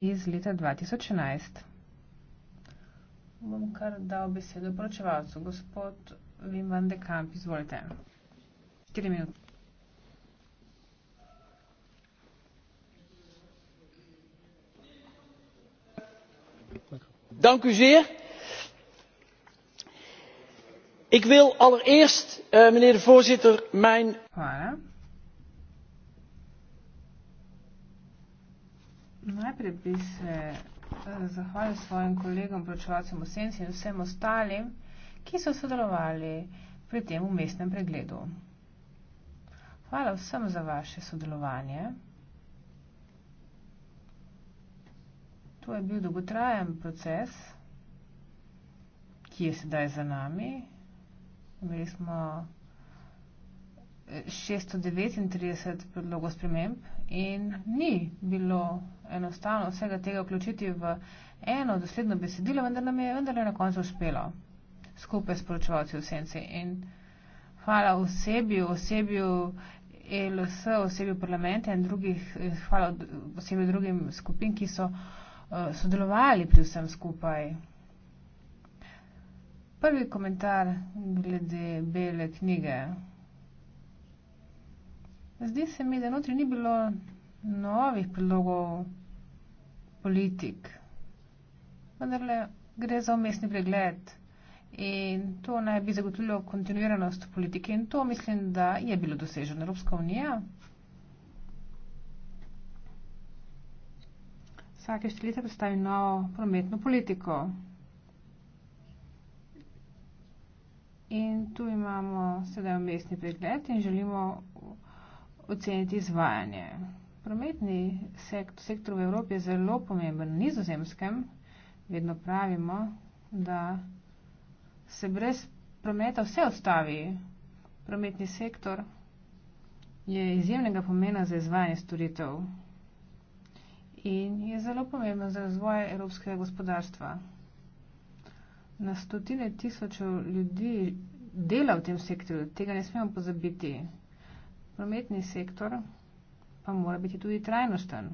iz leta 2011. Bom kar dal besedo poročevalcu. Gospod Vim van de Kamp, izvolite. 4 minute. Dank u zeer. Ik wil allereerst, uh, meneer de voorzitter, mijn. Voilà. Najprej bi se eh, zahvalil svojim kolegom, pročevalcem osenci in vsem ostalim, ki so sodelovali pri tem umestnem pregledu. Hvala vsem za vaše sodelovanje. To je bil dolgotrajen proces, ki je sedaj za nami. Imeli smo 639 eh, predlogov sprememb In ni bilo enostavno vsega tega vključiti v eno dosledno besedilo, vendar nam je vendarle na koncu uspelo skupaj s poročevalci v senci. In hvala osebi, osebi ELS, osebi parlamenta in drugih, hvala osebi drugim skupin, ki so uh, sodelovali pri vsem skupaj. Prvi komentar glede bele knjige. Zdi se mi, da notri ni bilo novih predlogov politik, vendar le gre za umestni pregled in to naj bi zagotovilo kontinuiranost politike in to mislim, da je bilo doseženo Evropska unija. Vsake štelite predstavi novo prometno politiko. In tu imamo sedaj umestni pregled in želimo oceniti izvajanje. Prometni sektor, sektor v Evropi je zelo pomemben. Na nizozemskem vedno pravimo, da se brez prometa vse ostavi. Prometni sektor je izjemnega pomena za izvajanje storitev in je zelo pomemben za razvoj evropskega gospodarstva. Na stotine tisoče ljudi dela v tem sektorju, tega ne smemo pozabiti prometni sektor pa mora biti tudi trajnosten.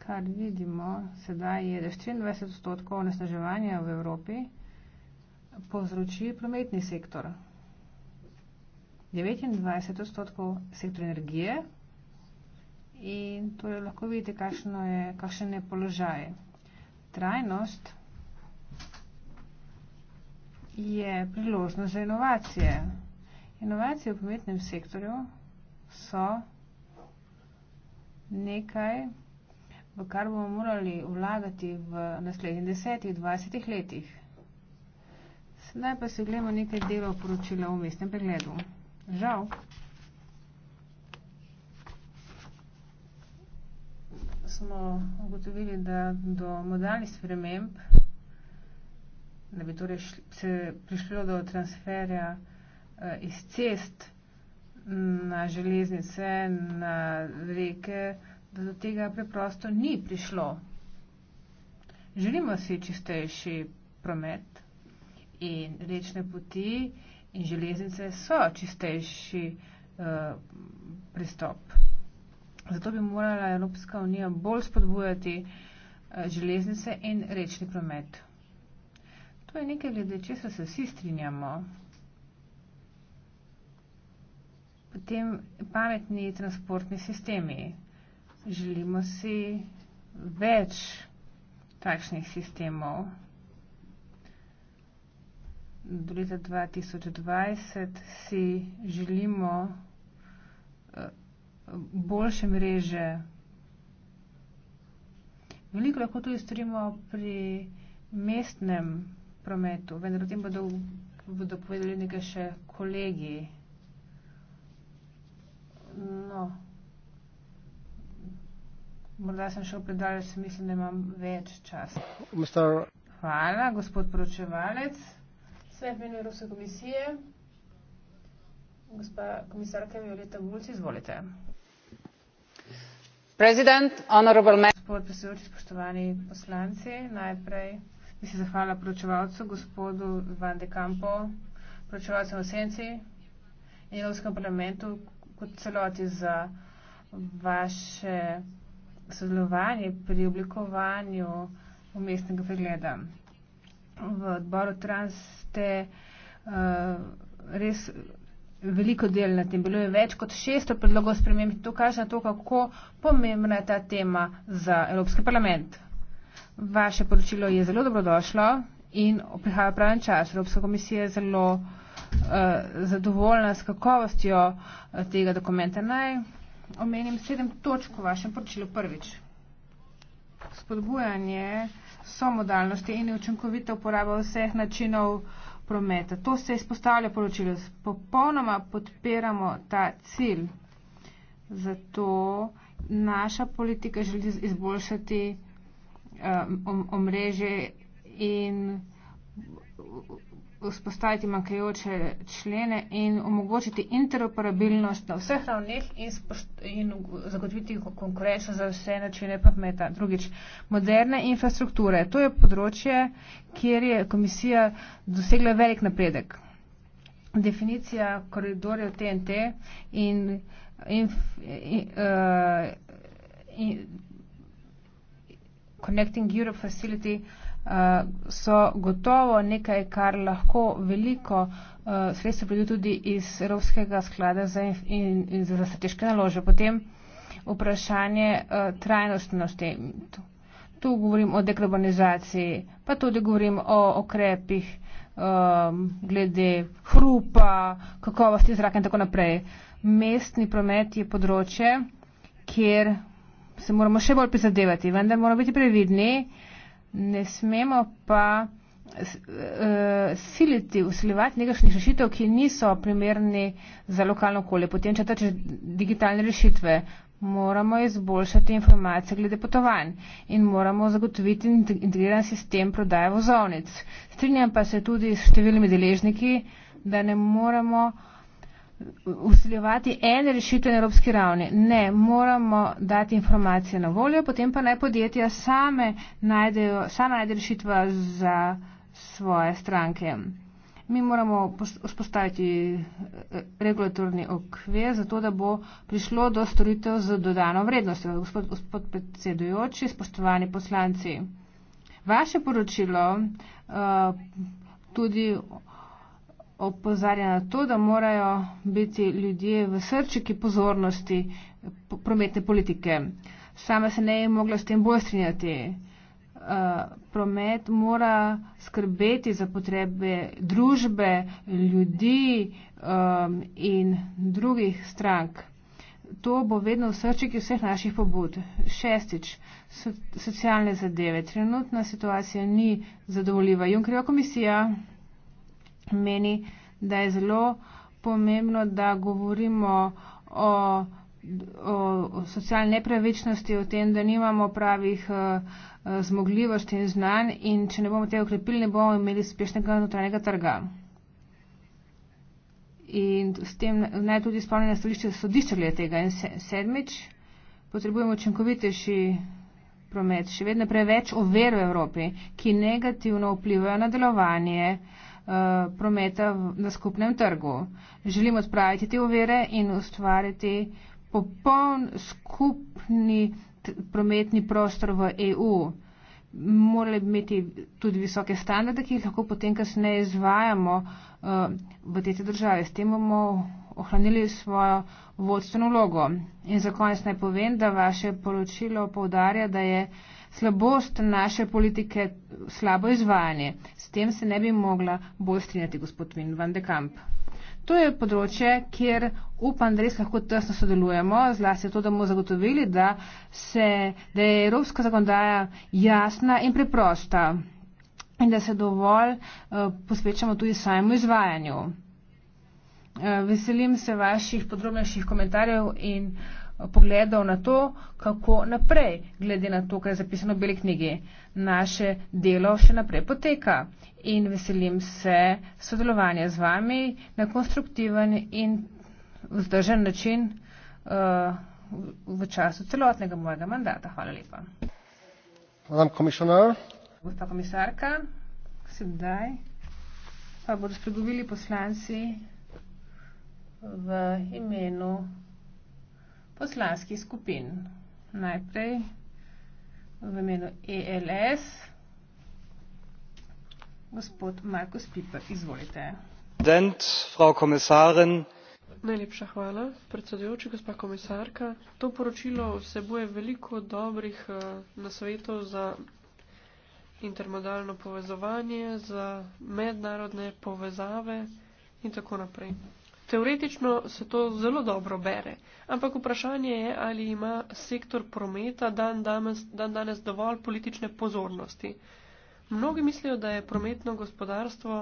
Kar vidimo sedaj je, da 24 odstotkov onesnaževanja v Evropi povzroči prometni sektor. 29 odstotkov sektor energije in torej lahko vidite, kakšno je, kakšen je položaj. Trajnost je priložnost za inovacije. Inovacije v prometnem sektorju so nekaj, v kar bomo morali vlagati v naslednjih desetih, dvajsetih letih. Sedaj pa se gledamo nekaj delov poročila v mestnem pregledu. Žal. smo ugotovili, da do modalnih sprememb, da bi torej šli, se prišlo do transferja Eh, iz cest mm, na železnice, na reke, da do tega preprosto ni prišlo. Želimo si čistejši promet in rečne poti in železnice so čistejši uh, pristop. Zato bi morala Evropska unija bolj spodbujati uh, železnice in rečni promet. To je nekaj, glede česa se vsi strinjamo. tem pametni transportni sistemi. Želimo si več takšnih sistemov. Do leta 2020 si želimo eh, boljše mreže. Veliko lahko tudi storimo pri mestnem prometu, vendar o tem bodo, bodo povedali nekaj še kolegi no. Morda sem šel predaleč, mislim, da imam več časa. Mr. Hvala, gospod poročevalec. Svet menuje Evropske komisije. Gospa komisarka Violeta Bulc, izvolite. President, honorable man. Gospod predsedujoči, spoštovani poslanci, najprej bi se zahvala poročevalcu, gospodu Van de Campo, poročevalcu v Senci in Evropskem parlamentu, kot celoti za vaše sodelovanje pri oblikovanju umestnega pregleda. V odboru Trans ste uh, res veliko del na tem. Bilo je več kot 600 predlogov sprememb. To kaže na to, kako pomembna je ta tema za Evropski parlament. Vaše poročilo je zelo dobrodošlo in prihaja pravi čas. Evropska komisija je zelo uh, Eh, zadovoljna s kakovostjo eh, tega dokumenta. Naj omenim sedem točk v vašem poročilu prvič. Spodbujanje somodalnosti in učinkovita uporaba vseh načinov prometa. To se izpostavlja poročilo. Popolnoma podpiramo ta cilj. Zato naša politika želi izboljšati um, omrežje in vzpostaviti manjkajoče člene in omogočiti interoperabilnost na vseh ravneh in, in zagotoviti konkurenčnost za vse načine pameta. Drugič, moderne infrastrukture. To je področje, kjer je komisija dosegla velik napredek. Definicija koridorjev TNT in, in, in, uh, in Connecting Europe Facility uh, Eh, so gotovo nekaj, kar lahko veliko eh, sredstva pride tudi iz Evropskega sklada za, in, in za strateške naložbe. Potem vprašanje eh, trajnostnosti. Tu govorim o dekarbonizaciji, pa tudi govorim o okrepih glede hrupa, kakovosti zraka in tako naprej. Mestni promet je področje, kjer se moramo še bolj prizadevati, vendar moramo biti previdni, uh, ne smemo pa uh, siliti, usiljevati nekakšnih rešitev, ki niso primerni za lokalno okolje. Potem, če tače digitalne rešitve, moramo izboljšati informacije glede potovanj in moramo zagotoviti integriran sistem prodaje vozovnic. Strinjam pa se tudi s številnimi deležniki, da ne moramo usiljevati ene rešitve na evropski ravni. Ne, moramo dati informacije na voljo, potem pa naj podjetja same najdejo, sam najde rešitva za svoje stranke. Mi moramo vzpostaviti eh, regulatorni okvir za to, da bo prišlo do storitev z dodano vrednostjo. Gospod, gospod predsedujoči, spoštovani poslanci, vaše poročilo uh, tudi opozarja na to, da morajo biti ljudje v srčiki pozornosti prometne politike. Sama se ne je mogla s tem bolj strinjati. Uh, promet mora skrbeti za potrebe družbe, ljudi um, in drugih strank. To bo vedno v srčiki vseh naših pobud. Šestič, so, socialne zadeve. Trenutna situacija ni zadovoljiva. Junkerjeva komisija meni, da je zelo pomembno, da govorimo o, o, o socialni nepravičnosti, o tem, da nimamo pravih uh, zmogljivosti in znanj in če ne bomo tega ukrepili, ne bomo imeli uspešnega notranjega trga. In s tem naj tudi spomnim na stališče sodišča glede tega. In sedmič, potrebujemo učinkovitejši promet. Še vedno preveč ovir v Evropi, ki negativno vplivajo na delovanje uh, Eh, prometa na skupnem trgu. Želimo odpraviti te ovire in ustvariti popoln skupni prometni prostor v EU. Morali bi imeti tudi visoke standarde, ki jih lahko potem kasneje izvajamo eh, v tete države. S tem bomo ohranili svojo vodstveno vlogo. In za konec naj povem, da vaše poročilo povdarja, da je uh, slabost naše politike, slabo izvajanje. S tem se ne bi mogla bolj strinjati gospod Vin van de Kamp. To je področje, kjer upam, da res lahko tesno sodelujemo, zlasti to, da bomo zagotovili, da, se, da je evropska zakonodaja jasna in preprosta in da se dovolj uh, posvečamo tudi samemu izvajanju. Uh, veselim se vaših podrobnejših komentarjev in uh, pogledov na to, kako naprej, glede na to, kar je zapisano v Beli knjigi. Naše delo še naprej poteka in veselim se sodelovanja z vami na konstruktiven in vzdržen način uh, v času celotnega mojega mandata. Hvala lepa. Madam komisionar. Gospa komisarka, sedaj pa bodo spregovili poslanci v imenu poslanskih skupin. Najprej v imenu ELS, gospod Markus Piper, izvolite. Dent, frau komisarin. Najlepša hvala, predsedujoči, gospa komisarka. To poročilo vsebuje veliko dobrih eh, nasvetov za intermodalno povezovanje, za mednarodne povezave in tako naprej. Teoretično se to zelo dobro bere, ampak vprašanje je, ali ima sektor prometa dan danes, dan danes dovolj politične pozornosti. Mnogi mislijo, da je prometno gospodarstvo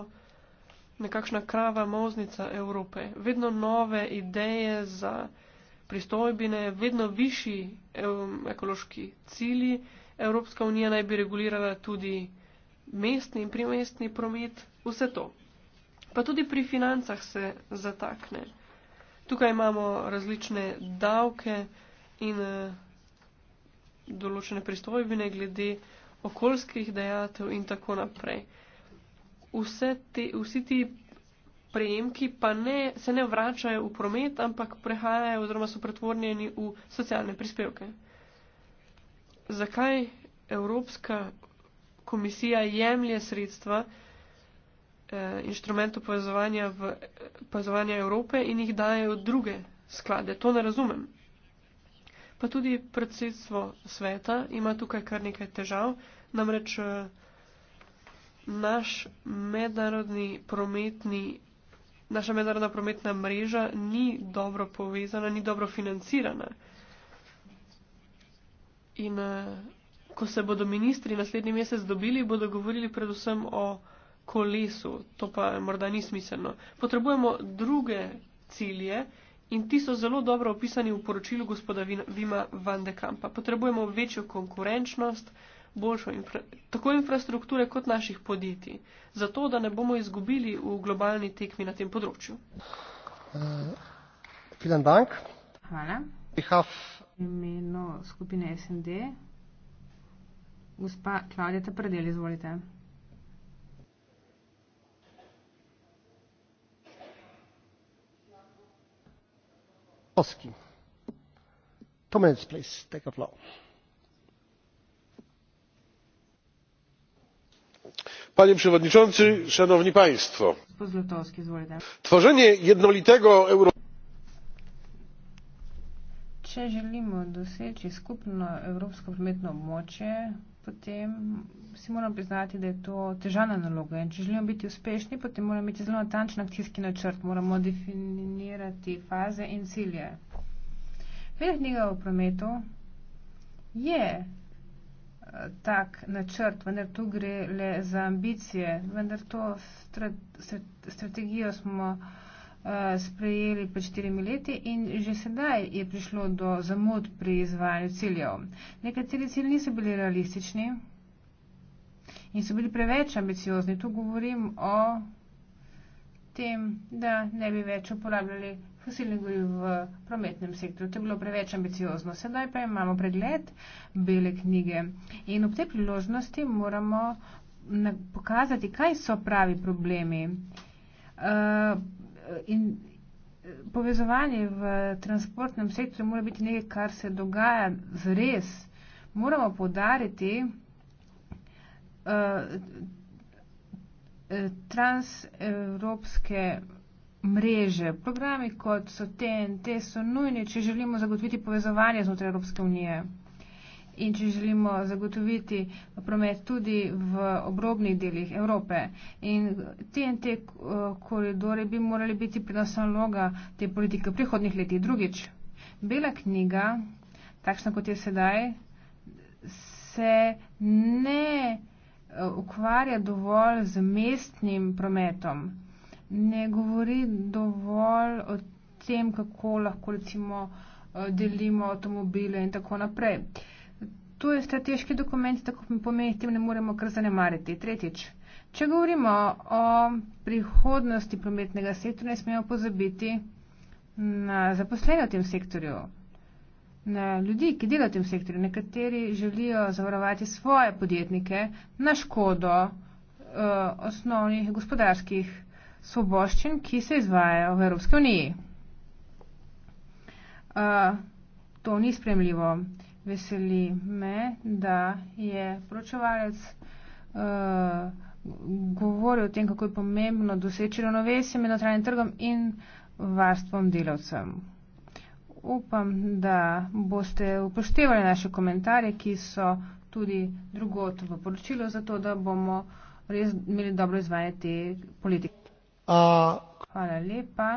nekakšna krava moznica Evrope. Vedno nove ideje za pristojbine, vedno višji ekološki cilji. Evropska unija naj bi regulirala tudi mestni in primestni promet, vse to pa tudi pri financah se zatakne. Tukaj imamo različne davke in eh, določene pristojbine glede okoljskih dejatev in tako naprej. Vse te, vsi ti prejemki pa ne, se ne vračajo v promet, ampak prehajajo oziroma so pretvornjeni v socialne prispevke. Zakaj Evropska komisija jemlje sredstva, eh, inštrumentov povezovanja, v, povezovanja Evrope in jih dajo druge sklade. To ne razumem. Pa tudi predsedstvo sveta ima tukaj kar nekaj težav, namreč eh, naš mednarodni prometni, naša mednarodna prometna mreža ni dobro povezana, ni dobro financirana. In eh, ko se bodo ministri naslednji mesec dobili, bodo govorili predvsem o kolesu, to pa morda ni smiselno. Potrebujemo druge cilje in ti so zelo dobro opisani v poročilu gospoda Vima Van de Kampa. Potrebujemo večjo konkurenčnost, boljšo infra tako infrastrukture kot naših podjetij, zato da ne bomo izgubili v globalni tekmi na tem področju. Eh, Filan uh, Bank. Hvala. Bihav. Imeno skupine SND. Gospa Klaudija Tepredel, izvolite. panie przewodniczący! szanowni państwo! tworzenie jednolitego europejskiego rynku potem si moramo priznati, da je to težana naloga. In če želimo biti uspešni, potem moramo imeti zelo natančen akcijski načrt, moramo definirati faze in cilje. Velja knjiga o prometu je eh, tak načrt, vendar tu gre le za ambicije, vendar to strat, strat, strategijo smo. Eh, sprejeli pred štirimi leti in že sedaj je prišlo do zamud pri izvajanju ciljev. Nekateri cilji niso bili realistični in so bili preveč ambiciozni. Tu govorim o tem, da ne bi več uporabljali fosilnih goriv v prometnem sektorju. To je bilo preveč ambiciozno. Sedaj pa imamo pregled bele knjige in ob tej priložnosti moramo pokazati, kaj so pravi problemi. Uh, in eh, povezovanje v transportnem sektorju mora biti nekaj, kar se dogaja zres. Moramo podariti uh, eh, eh, transevropske mreže. Programi kot so TNT so nujni, če želimo zagotoviti povezovanje znotraj Evropske unije in če želimo zagotoviti promet tudi v obrobnih delih Evrope. In TNT eh, koridori bi morali biti prenosna loga te politike prihodnih letih. Drugič, bela knjiga, takšna kot je sedaj, se ne eh, ukvarja dovolj z mestnim prometom, ne govori dovolj o tem, kako lahko recimo eh, delimo avtomobile in tako naprej. Uh, To je strateški dokument, tako pomeni, tem ne moremo kar zanemariti. Tretjič, če govorimo o prihodnosti prometnega sektorja, ne smemo pozabiti na zaposlene v tem sektorju, na ljudi, ki delajo v tem sektorju. Nekateri želijo zavarovati svoje podjetnike na škodo uh, osnovnih gospodarskih svoboščin, ki se izvajajo v Evropski uniji. Uh, to ni spremljivo veseli me, da je pročevalec uh, eh, govoril o tem, kako je pomembno doseči ravnovesje med notranjim trgom in varstvom delavcem. Upam, da boste upoštevali naše komentarje, ki so tudi drugot v poročilu, zato da bomo res imeli dobro izvajanje te politike. Hvala lepa.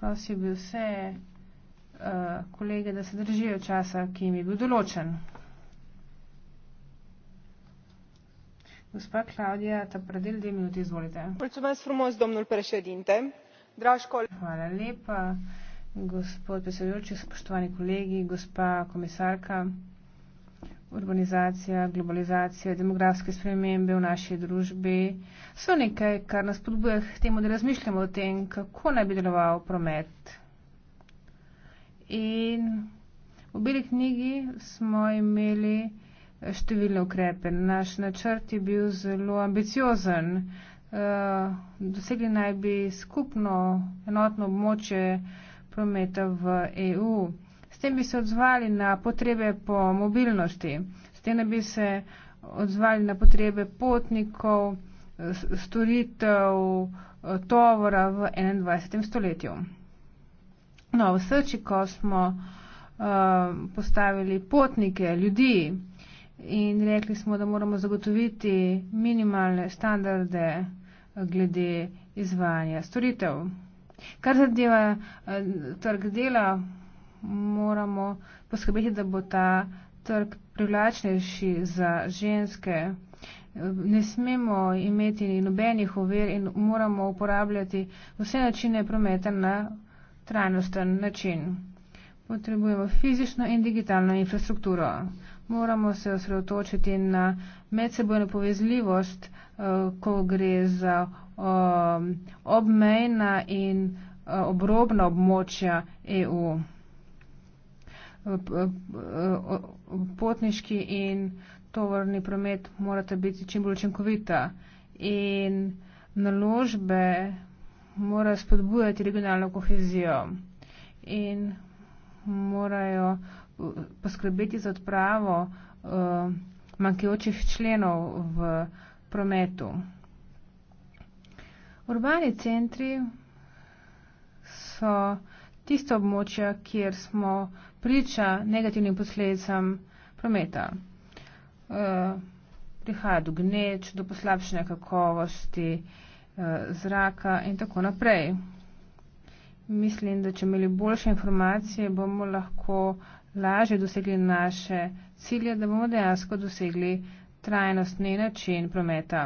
Prosim, bi vse Eh, kolege, da se držijo časa, ki jim je bil določen. Gospa Klaudija, ta predel dve minuti, izvolite. Hvala lepa, gospod predsedujoči, spoštovani kolegi, gospa komisarka. Urbanizacija, globalizacija, demografske spremembe v naši družbi so nekaj, kar nas podbuja k temu, da razmišljamo o tem, kako naj bi deloval promet in v beli knjigi smo imeli številne ukrepe. Naš načrt je bil zelo ambiciozen. Eh, dosegli naj bi skupno enotno območje prometa v EU. S tem bi se odzvali na potrebe po mobilnosti, s tem bi se odzvali na potrebe potnikov, storitev, eh, tovora v 21. stoletju. No, v srči, ko smo uh, postavili potnike, ljudi in rekli smo, da moramo zagotoviti minimalne standarde eh, glede izvajanja storitev. Kar zadeva uh, trg dela, moramo poskrbeti, da bo ta trg privlačnejši za ženske. Ne smemo imeti nobenih ovir in moramo uporabljati vse načine prometa na trajnosten način. Potrebujemo fizično in digitalno infrastrukturo. Moramo se osredotočiti na medsebojno povezljivost, eh, ko gre za eh, obmejna in eh, obrobna območja EU. Potniški in tovorni promet morata biti čim bolj učinkovita in naložbe mora spodbujati regionalno kohezijo in morajo eh, poskrbeti za odpravo uh, manjkajočih členov v prometu. Urbani centri so tisto območja, kjer smo priča negativnim posledicam prometa. Uh, prihaja do gneč, do poslabšanja kakovosti, uh, Eh, zraka in tako naprej. Mislim, da če imeli boljše informacije, bomo lahko lažje dosegli naše cilje, da bomo dejansko dosegli trajnostni način prometa.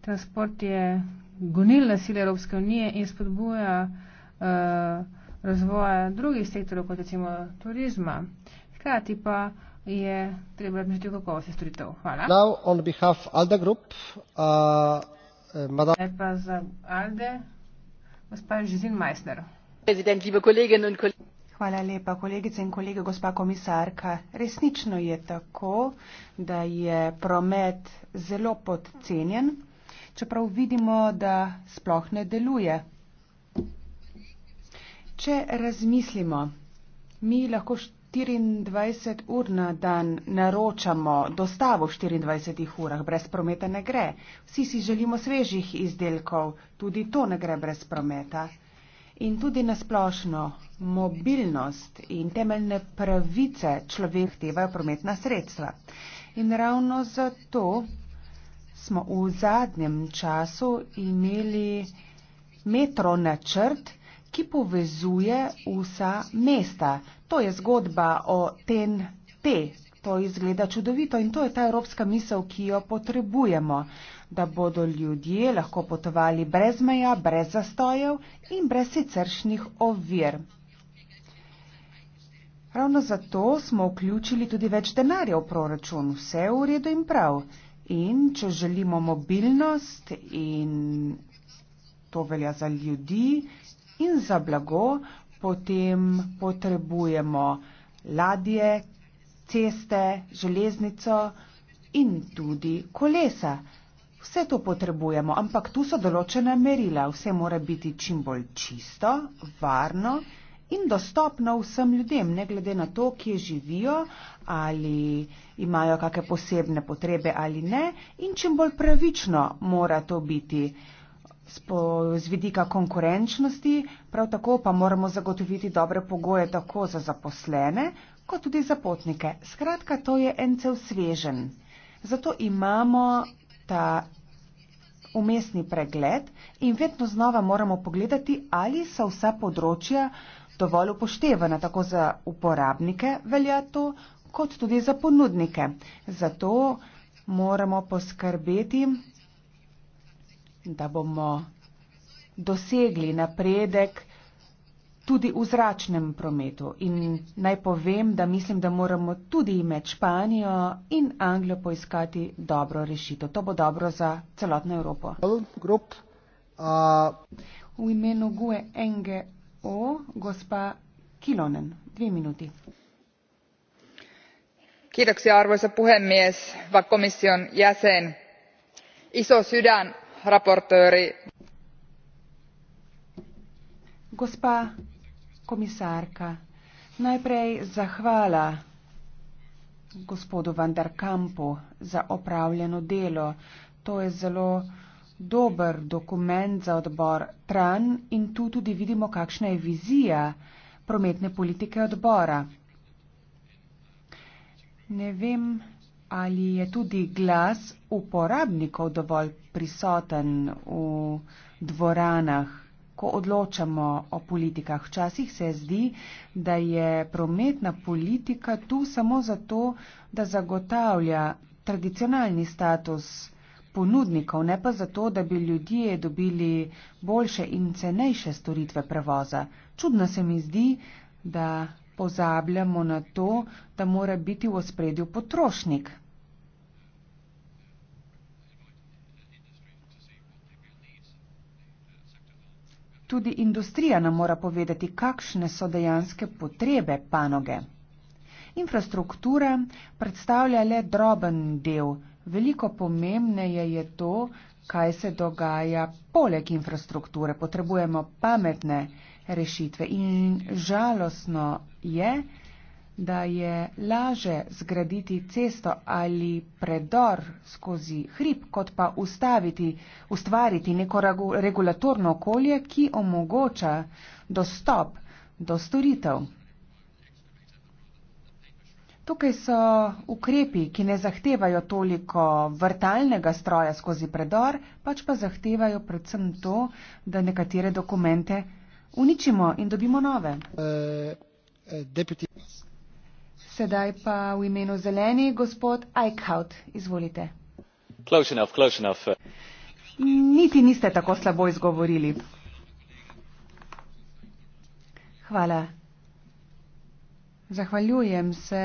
Transport je gonilna sila Evropske unije in spodbuja uh, eh, razvoja drugih sektorov, kot recimo turizma. Hkrati pa je treba razmišljati o kakovosti storitev. Hvala. Now, on behalf Alda Group, uh... Eh, madame. Lepa za Alde. Gospa Žizin Meissner. Hvala lepa, kolegice in kolege, gospa komisarka. Resnično je tako, da je promet zelo podcenjen, čeprav vidimo, da sploh ne deluje. Če razmislimo, mi lahko 24 ur na dan naročamo dostavo v 24 urah, brez prometa ne gre. Vsi si želimo svežih izdelkov, tudi to ne gre brez prometa. In tudi nasplošno mobilnost in temeljne pravice človek tevajo prometna sredstva. In ravno zato smo v zadnjem času imeli metro načrt, ki povezuje vsa mesta, To je zgodba o TNT. To izgleda čudovito in to je ta evropska misel, ki jo potrebujemo, da bodo ljudje lahko potovali brez meja, brez zastojev in brez siceršnih ovir. Ravno zato smo vključili tudi več denarja v proračun, vse v redu in prav. In če želimo mobilnost in to velja za ljudi in za blago, potem potrebujemo ladje, ceste, železnico in tudi kolesa. Vse to potrebujemo, ampak tu so določena merila. Vse mora biti čim bolj čisto, varno in dostopno vsem ljudem, ne glede na to, kje živijo ali imajo kakšne posebne potrebe ali ne. In čim bolj pravično mora to biti z vidika konkurenčnosti, prav tako pa moramo zagotoviti dobre pogoje tako za zaposlene, kot tudi za potnike. Skratka, to je en cel svežen. Zato imamo ta umestni pregled in vedno znova moramo pogledati, ali so vsa področja dovolj upoštevana, tako za uporabnike velja to, kot tudi za ponudnike. Zato moramo poskrbeti, in da bomo dosegli napredek tudi v zračnem prometu. In naj povem, da mislim, da moramo tudi med Španijo in Anglijo poiskati dobro rešitev. To bo dobro za celotno Evropo. V imenu GUE NGO, gospa Kilonen, dve minuti. Kiitoksia arvoisa puhemies, va komission jäsen. Iso sydän gospa komisarka najprej zahvala gospodu van der Kampu za opravljeno delo. To je zelo dober dokument za odbor TRAN in tu tudi vidimo, kakšna je vizija prometne politike odbora. Ne vem, ali je tudi glas uporabnikov dovolj prisoten v dvoranah, ko odločamo o politikah. Včasih se zdi, da je prometna politika tu samo zato, da zagotavlja tradicionalni status ponudnikov, ne pa zato, da bi ljudje dobili boljše in cenejše storitve prevoza. Čudno se mi zdi, da pozabljamo na to, da mora biti v ospredju potrošnik. Tudi industrija nam mora povedati, kakšne so dejanske potrebe panoge. Infrastruktura predstavlja le droben del. Veliko pomembneje je to, kaj se dogaja poleg infrastrukture. Potrebujemo pametne rešitve in žalostno je, da je laže zgraditi cesto ali predor skozi hrib, kot pa ustaviti, ustvariti neko regulatorno okolje, ki omogoča dostop do storitev. Tukaj so ukrepi, ki ne zahtevajo toliko vrtalnega stroja skozi predor, pač pa zahtevajo predvsem to, da nekatere dokumente uničimo in dobimo nove. Uh, uh, Sedaj pa v imenu zeleni gospod Eichhout, izvolite. Close enough, close enough. Niti niste tako slabo izgovorili. Hvala. Zahvaljujem se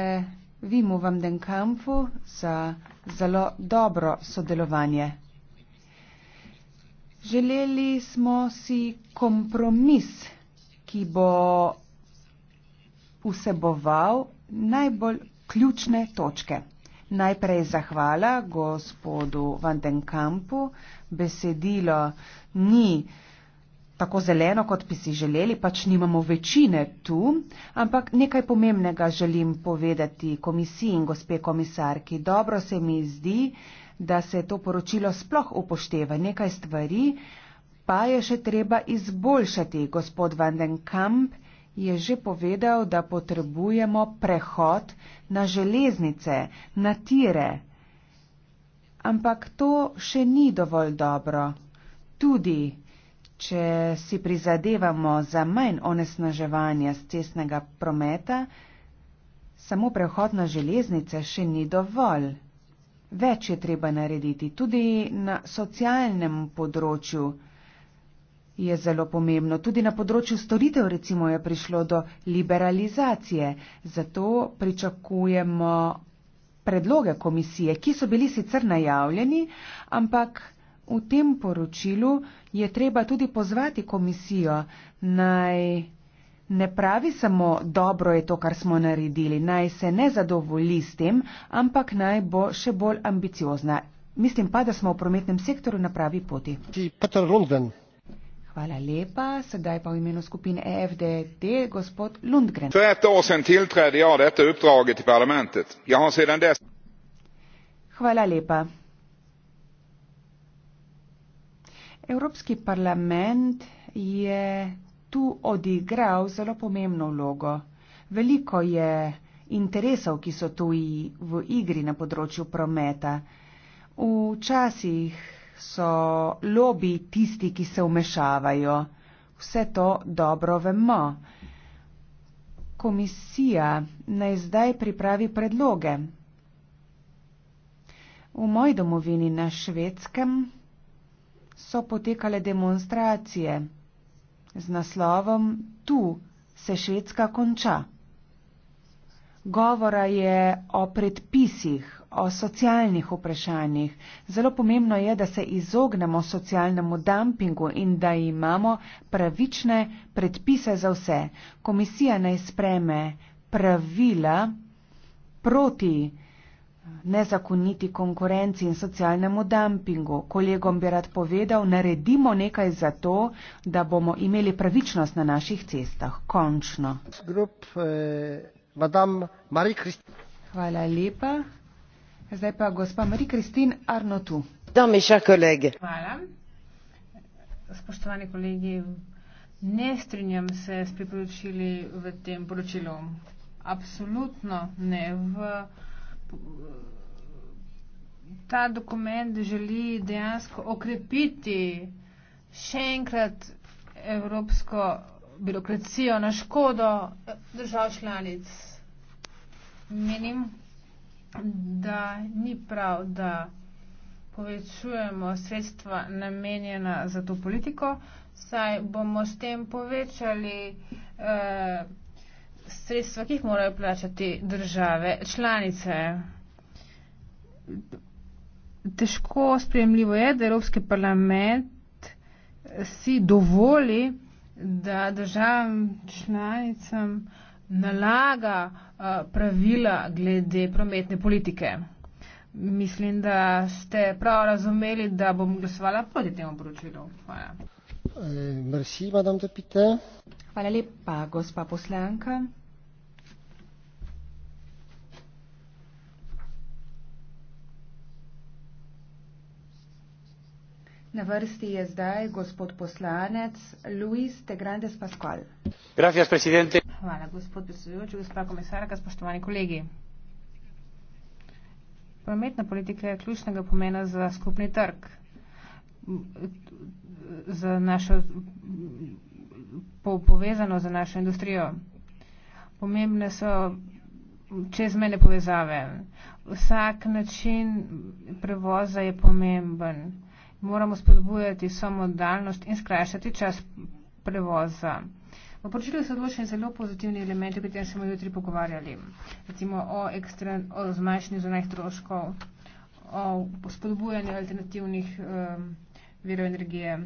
Vimu Van den Kampu za zelo dobro sodelovanje. Želeli smo si kompromis, ki bo vseboval najbolj ključne točke. Najprej zahvala gospodu Vandenkampu. Besedilo ni tako zeleno, kot bi si želeli, pač nimamo večine tu, ampak nekaj pomembnega želim povedati komisiji in gospe komisarki. Dobro se mi zdi, da se to poročilo sploh upošteva nekaj stvari, pa je še treba izboljšati. Gospod Vandenkamp je že povedal, da potrebujemo prehod na železnice, na tire. Ampak to še ni dovolj dobro. Tudi, če si prizadevamo za manj onesnaževanja z cestnega prometa, samo prehod na železnice še ni dovolj. Več je treba narediti tudi na socialnem področju je zelo pomembno. Tudi na področju storitev recimo je prišlo do liberalizacije. Zato pričakujemo predloge komisije, ki so bili sicer najavljeni, ampak v tem poročilu je treba tudi pozvati komisijo naj. Ne pravi samo dobro je to, kar smo naredili, naj se ne zadovolji s tem, ampak naj bo še bolj ambiciozna. Mislim pa, da smo v prometnem sektoru na pravi poti. Peter Lundgren, Hvala lepa. Sedaj pa v imenu skupine EFDD gospod Lundgren. Hvala lepa. Evropski parlament je tu odigral zelo pomembno vlogo. Veliko je interesov, ki so tu v igri na področju prometa. Včasih so lobi tisti, ki se umešavajo. Vse to dobro vemo. Komisija naj zdaj pripravi predloge. V moji domovini na švedskem so potekale demonstracije z naslovom Tu se švedska konča. Govora je o predpisih, o socialnih vprašanjih. Zelo pomembno je, da se izognemo socialnemu dumpingu in da imamo pravične predpise za vse. Komisija naj spreme pravila proti nezakoniti konkurenci in socialnemu dumpingu. Kolegom bi rad povedal, naredimo nekaj za to, da bomo imeli pravičnost na naših cestah. Končno. Skrup, eh, Hvala lepa. Zdaj pa gospa Marie-Christine Arnotu. Da, mi še kolege. Hvala. Spoštovani kolegi, ne strinjam se s priporočili v tem poročilu. Absolutno ne. V, ta dokument želi dejansko okrepiti še enkrat evropsko birokracijo na škodo držav članic. Menim, da ni prav, da povečujemo sredstva namenjena za to politiko, saj bomo s tem povečali eh, sredstva, ki jih morajo plačati države članice. Težko spremljivo je, da Evropski parlament si dovoli, da državam članicam eh, nalaga eh, pravila glede prometne politike. Mislim, da ste prav razumeli, da bom glasovala proti temu poročilu. Hvala. Eh, merci, madame Depite. Hvala lepa, gospa poslanka. Na vrsti je zdaj gospod poslanec Luis Tegrandes Pascual. Gracias, Hvala, gospod predsedujoči, gospa komisarka, spoštovani kolegi. Prometna politika je ključnega pomena za skupni trg, za našo, po, povezano za našo industrijo. Pomembne so čezmene povezave. Vsak način prevoza je pomemben moramo spodbujati samodalnost in skrajšati čas prevoza. V poročilu so odločeni zelo pozitivni elementi, o katerih smo jutri pogovarjali. Recimo o, ekstren, o zmanjšanju zunanjih troškov, o spodbujanju alternativnih um, virov energije.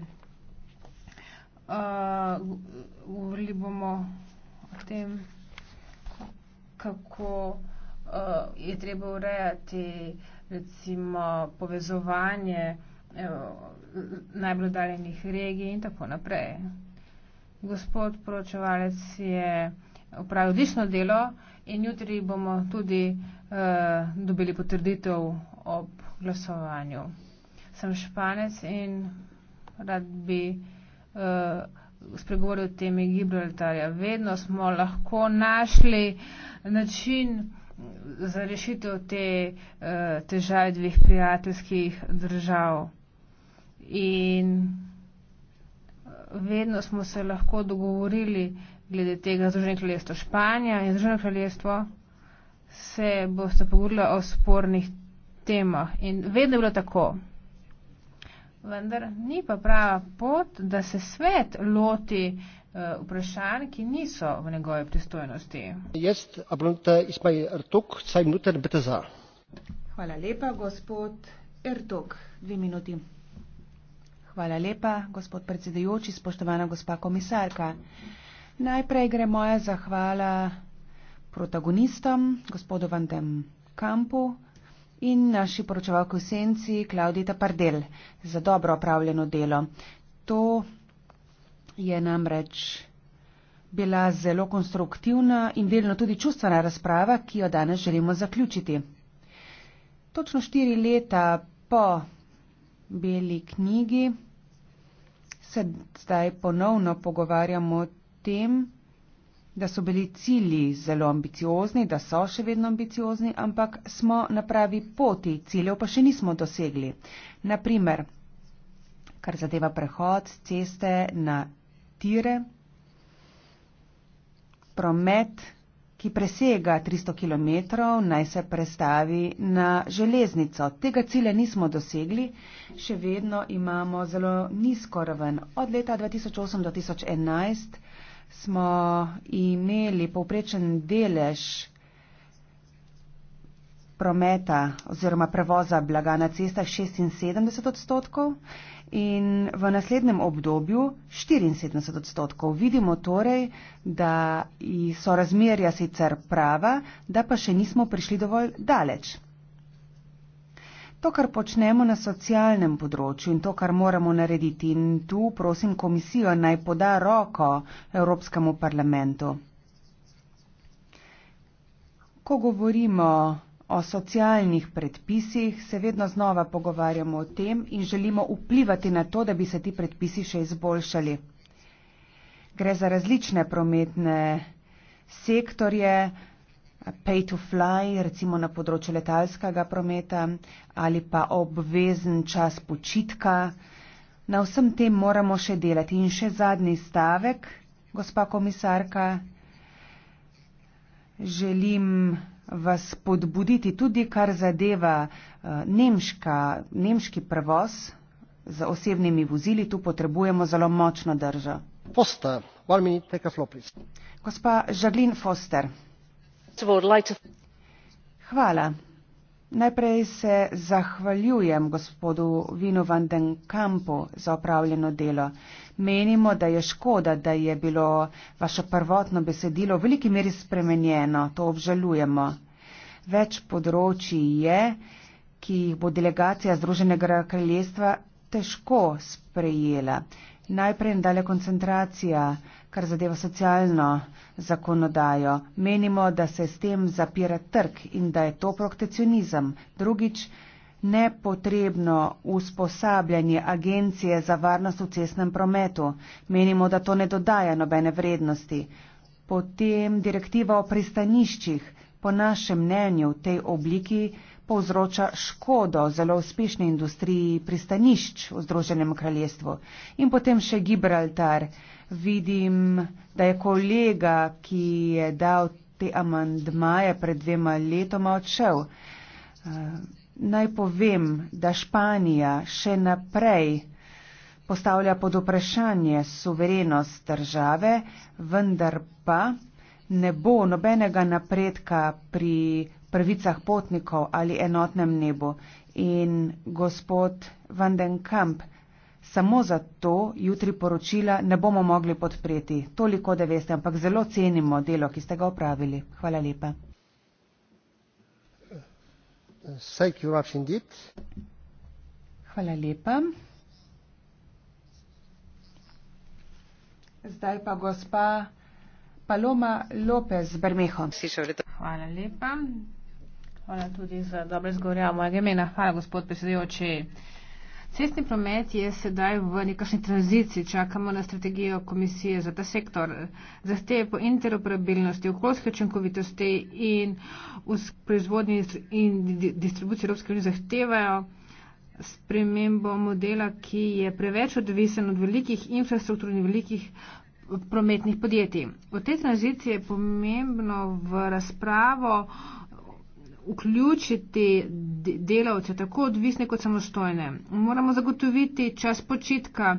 Uh, govorili bomo o tem, kako uh, je treba urejati recimo povezovanje najbolj daljenih regij in tako naprej. Gospod poročevalec je opravil odlično delo in jutri bomo tudi uh, dobili potrditev ob glasovanju. Sem španec in rad bi uh, spregovoril o temi Gibraltarja. Vedno smo lahko našli način za rešitev te uh, težave dveh prijateljskih držav in vedno smo se lahko dogovorili glede tega Združenih kraljestva Španija in Združeno kraljestvo se boste pogovorili o spornih temah in vedno je bilo tako. Vendar ni pa prava pot, da se svet loti uh, vprašanj, ki niso v njegovi pristojnosti. Hvala lepa, gospod Ertok. Dve minuti. Hvala lepa, gospod predsedajoči, spoštovana gospa komisarka. Najprej gre moja zahvala protagonistom, gospodu Vandem Kampu in naši poročevalki v senci Klaudita Pardel za dobro opravljeno delo. To je namreč bila zelo konstruktivna in delno tudi čustvena razprava, ki jo danes želimo zaključiti. Točno štiri leta po beli knjigi se zdaj ponovno pogovarjamo o tem, da so bili cilji zelo ambiciozni, da so še vedno ambiciozni, ampak smo na pravi poti, ciljev pa še nismo dosegli. Naprimer, kar zadeva prehod ceste na tire, promet ki presega 300 km, naj se prestavi na železnico. Tega cilja nismo dosegli, še vedno imamo zelo nizko raven. Od leta 2008 do 2011 smo imeli povprečen delež prometa oziroma prevoza blaga na cestah 76 odstotkov in v naslednjem obdobju 74 odstotkov. Vidimo torej, da so razmerja sicer prava, da pa še nismo prišli dovolj daleč. To, kar počnemo na socialnem področju in to, kar moramo narediti, in tu prosim komisijo naj poda roko Evropskemu parlamentu. Ko govorimo o socialnih predpisih, se vedno znova pogovarjamo o tem in želimo vplivati na to, da bi se ti predpisi še izboljšali. Gre za različne prometne sektorje, pay to fly, recimo na področju letalskega prometa ali pa obvezen čas počitka. Na vsem tem moramo še delati. In še zadnji stavek, gospa komisarka, želim vas podbuditi tudi, kar zadeva eh, nemška, nemški prevoz z osebnimi vozili. Tu potrebujemo zelo močno držo. Posta, Gospa Žaglin Foster. Hvala. Najprej se zahvaljujem gospodu Vino van den Kampu za opravljeno delo. Menimo, da je škoda, da je bilo vaše prvotno besedilo v veliki meri spremenjeno. To obžalujemo. Več področji je, ki jih bo delegacija Združenega kraljestva težko sprejela. Najprej nadalje koncentracija kar zadeva socialno zakonodajo. Menimo, da se s tem zapira trg in da je to protekcionizem. Drugič, nepotrebno usposabljanje agencije za varnost v cestnem prometu. Menimo, da to ne dodaja nobene vrednosti. Potem direktiva o pristaniščih, po našem mnenju, v tej obliki povzroča škodo zelo uspešni industriji pristanišč v Združenem kraljestvu. In potem še Gibraltar vidim, da je kolega, ki je dal te amandmaje pred dvema letoma, odšel. Eh, naj povem, da Španija še naprej postavlja pod vprašanje suverenost države, vendar pa ne bo nobenega napredka pri pravicah potnikov ali enotnem nebu. In gospod Vandenkamp, samo zato jutri poročila ne bomo mogli podpreti. Toliko, da veste, ampak zelo cenimo delo, ki ste ga opravili. Hvala lepa. Hvala lepa. Zdaj pa gospa Paloma Lopez Bermeho. Hvala lepa. Hvala tudi za dobro izgovorjavo mojega imena. Hvala, gospod predsedujoči. Cestni promet je sedaj v nekašni tranziciji, čakamo na strategijo komisije za ta sektor. Zahteje po interoperabilnosti, okoljske učinkovitosti in proizvodnji in distribuciji Evropske unije zahtevajo spremembo modela, ki je preveč odvisen od velikih infrastrukturnih velikih prometnih podjetij. V tej tranziciji je pomembno v razpravo vključiti delavce, tako odvisne kot samostojne. Moramo zagotoviti čas počitka,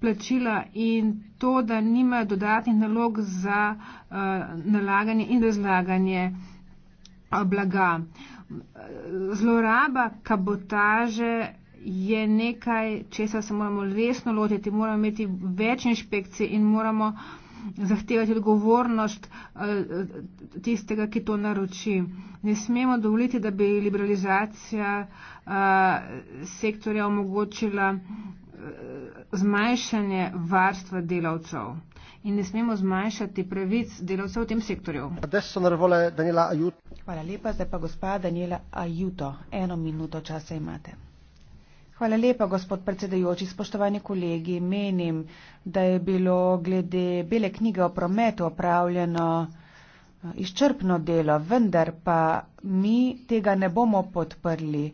plačila in to, da nima dodatnih nalog za uh, nalaganje in razlaganje uh, blaga. Zloraba kabotaže je nekaj, česa se moramo resno lotiti, moramo imeti več inšpekcij in moramo uh, zahtevati odgovornost eh, tistega, ki to naroči. Ne smemo dovoliti, da bi liberalizacija eh, sektorja omogočila eh, zmanjšanje varstva delavcev. In ne smemo zmanjšati pravic delavcev v tem sektorju. Hvala lepa, zdaj pa gospa Daniela Ajuto. Eno minuto časa imate. Hvala lepa, gospod predsedajoči. Spoštovani kolegi, menim, da je bilo glede bele knjige o prometu opravljeno eh, izčrpno delo, vendar pa mi tega ne bomo podprli,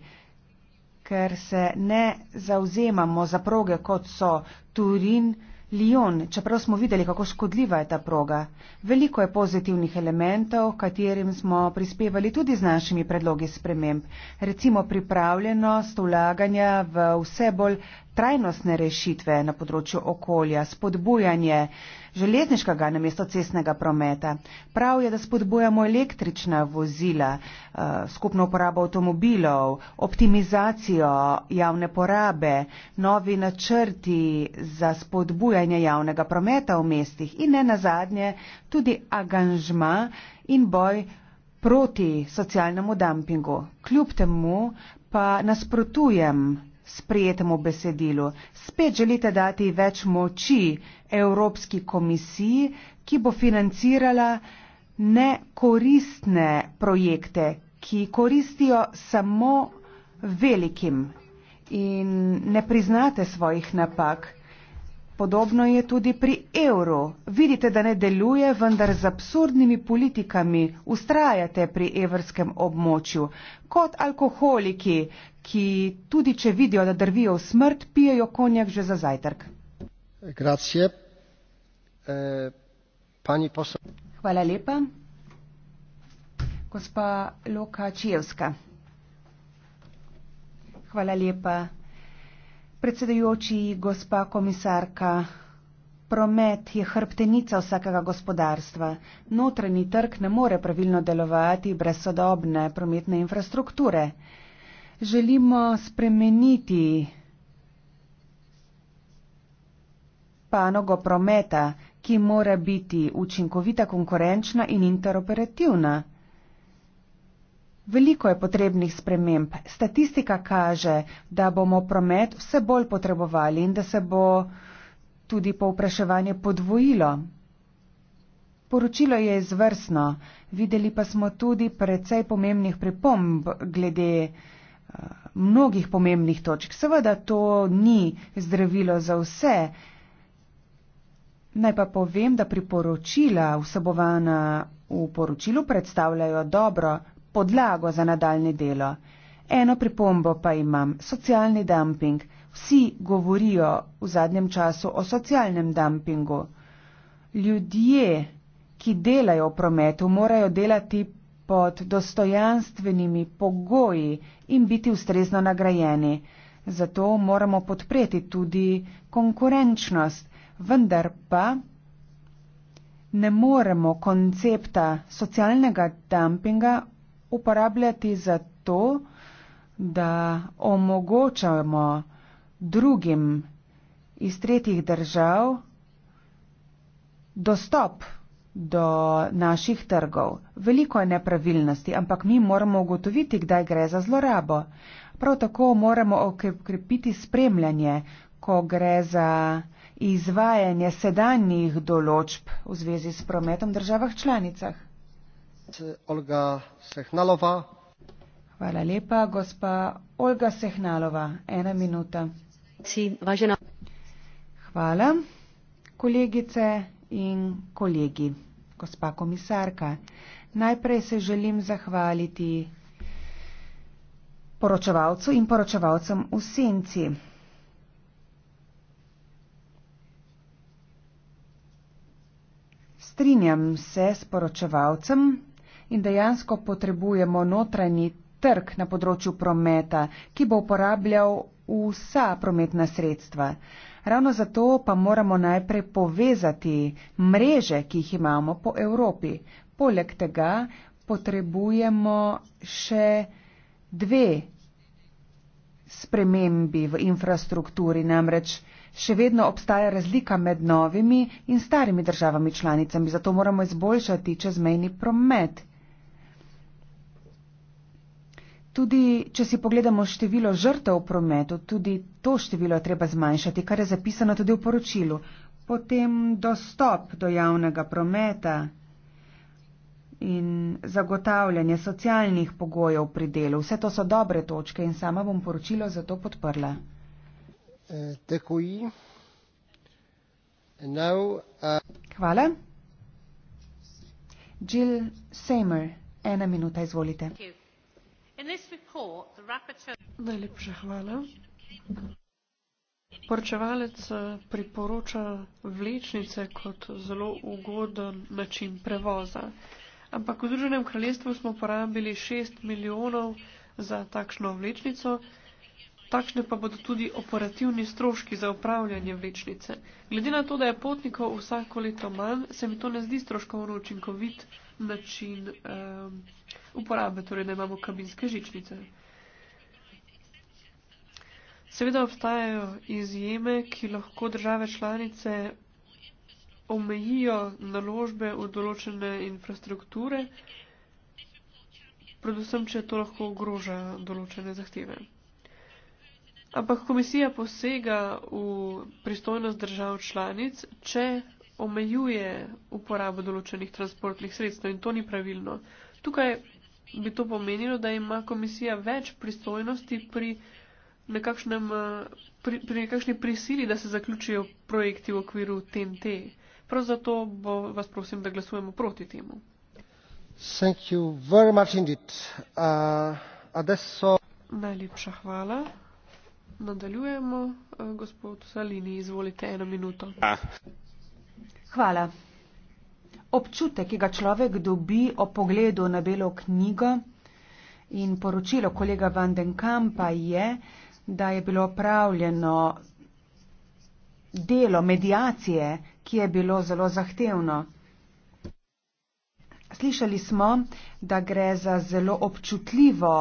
ker se ne zauzemamo za proge, kot so Turin, Lion, čeprav smo videli, kako škodljiva je ta proga, veliko je pozitivnih elementov, katerim smo prispevali tudi z našimi predlogi sprememb, recimo pripravljenost vlaganja v vse bolj trajnostne rešitve na področju okolja, spodbujanje železniškega namesto cestnega prometa. Prav je, da spodbujamo električna vozila, eh, skupno uporabo avtomobilov, optimizacijo javne porabe, novi načrti za spodbujanje javnega prometa v mestih in ne nazadnje tudi aganžma in boj proti socialnemu dampingu. Kljub temu pa nasprotujem sprejetemu besedilu. Spet želite dati več moči Evropski komisiji, ki bo financirala nekoristne projekte, ki koristijo samo velikim in ne priznate svojih napak. Podobno je tudi pri evru. Vidite, da ne deluje, vendar z absurdnimi politikami ustrajate pri evrskem območju. Kot alkoholiki, ki tudi, če vidijo, da drvijo v smrt, pijejo konjak že za zajtrk. Grazie. Eh, pani posel. Hvala lepa. Gospa Loka Čijevska. Hvala lepa. Predsedujoči, gospa komisarka, promet je hrbtenica vsakega gospodarstva. Notranji trg ne more pravilno delovati brez sodobne prometne infrastrukture želimo spremeniti panogo prometa, ki mora biti učinkovita, konkurenčna in interoperativna. Veliko je potrebnih sprememb. Statistika kaže, da bomo promet vse bolj potrebovali in da se bo tudi povpraševanje podvojilo. Poročilo je izvrsno, videli pa smo tudi precej pomembnih pripomb glede mnogih pomembnih točk. Seveda to ni zdravilo za vse. Naj pa povem, da priporočila vsebovana v poročilu predstavljajo dobro podlago za nadaljne delo. Eno pripombo pa imam. Socialni dumping. Vsi govorijo v zadnjem času o socialnem dumpingu. Ljudje, ki delajo v prometu, morajo delati pod dostojanstvenimi pogoji in biti ustrezno nagrajeni. Zato moramo podpreti tudi konkurenčnost, vendar pa ne moremo koncepta socialnega dumpinga uporabljati za to, da omogočamo drugim iz tretjih držav dostop do naših trgov. Veliko je nepravilnosti, ampak mi moramo ugotoviti, kdaj gre za zlorabo. Prav tako moramo okrepiti spremljanje, ko gre za izvajanje sedanjih določb v zvezi s prometom v državah članicah. Olga Sehnalova. Hvala lepa, gospa Olga Sehnalova. Ena minuta. Si, Hvala. Kolegice, in kolegi, gospa komisarka. Najprej se želim zahvaliti poročevalcu in poročevalcem v senci. Strinjam se s poročevalcem in dejansko potrebujemo notranji trg na področju prometa, ki bo uporabljal vsa prometna sredstva. Ravno zato pa moramo najprej povezati mreže, ki jih imamo po Evropi. Poleg tega potrebujemo še dve spremembi v infrastrukturi, namreč še vedno obstaja razlika med novimi in starimi državami članicami, zato moramo izboljšati čezmejni promet. Tudi, če si pogledamo število žrtev v prometu, tudi to število treba zmanjšati, kar je zapisano tudi v poročilu. Potem dostop do javnega prometa in zagotavljanje socialnih pogojev pri delu. Vse to so dobre točke in sama bom poročilo zato podprla. Eh, Hvala. Jill Seymour, ena minuta, izvolite. Hvala. Najlepša hvala. Poročevalec eh, priporoča vlečnice kot zelo ugoden način prevoza. Ampak v Združenem kraljestvu smo porabili 6 milijonov za takšno vlečnico, takšne pa bodo tudi operativni stroški za upravljanje vlečnice. Glede na to, da je potnikov vsako leto manj, se mi to ne zdi stroškovno učinkovit način. Eh, uporabe, torej da imamo kabinske žičnice. Seveda obstajajo izjeme, ki lahko države članice omejijo naložbe v določene infrastrukture, predvsem, če to lahko ogroža določene zahteve. Ampak komisija posega v pristojnost držav članic, če omejuje uporabo določenih transportnih sredstev in to ni pravilno. Tukaj bi to pomenilo, da ima komisija več pristojnosti pri nekakšnem, eh, pri, pri nekakšni prisili, da se zaključijo projekti v okviru TNT. Prav zato bo vas prosim, da glasujemo proti temu. Thank you very much indeed. Uh, adesso... Najlepša hvala. Nadaljujemo. Uh, gospod Salini, izvolite eno minuto. Ah. Hvala občutek, ki ga človek dobi o pogledu na belo knjigo in poročilo kolega Van den Kampa je, da je bilo opravljeno delo medijacije, ki je bilo zelo zahtevno. Slišali smo, da gre za zelo občutljivo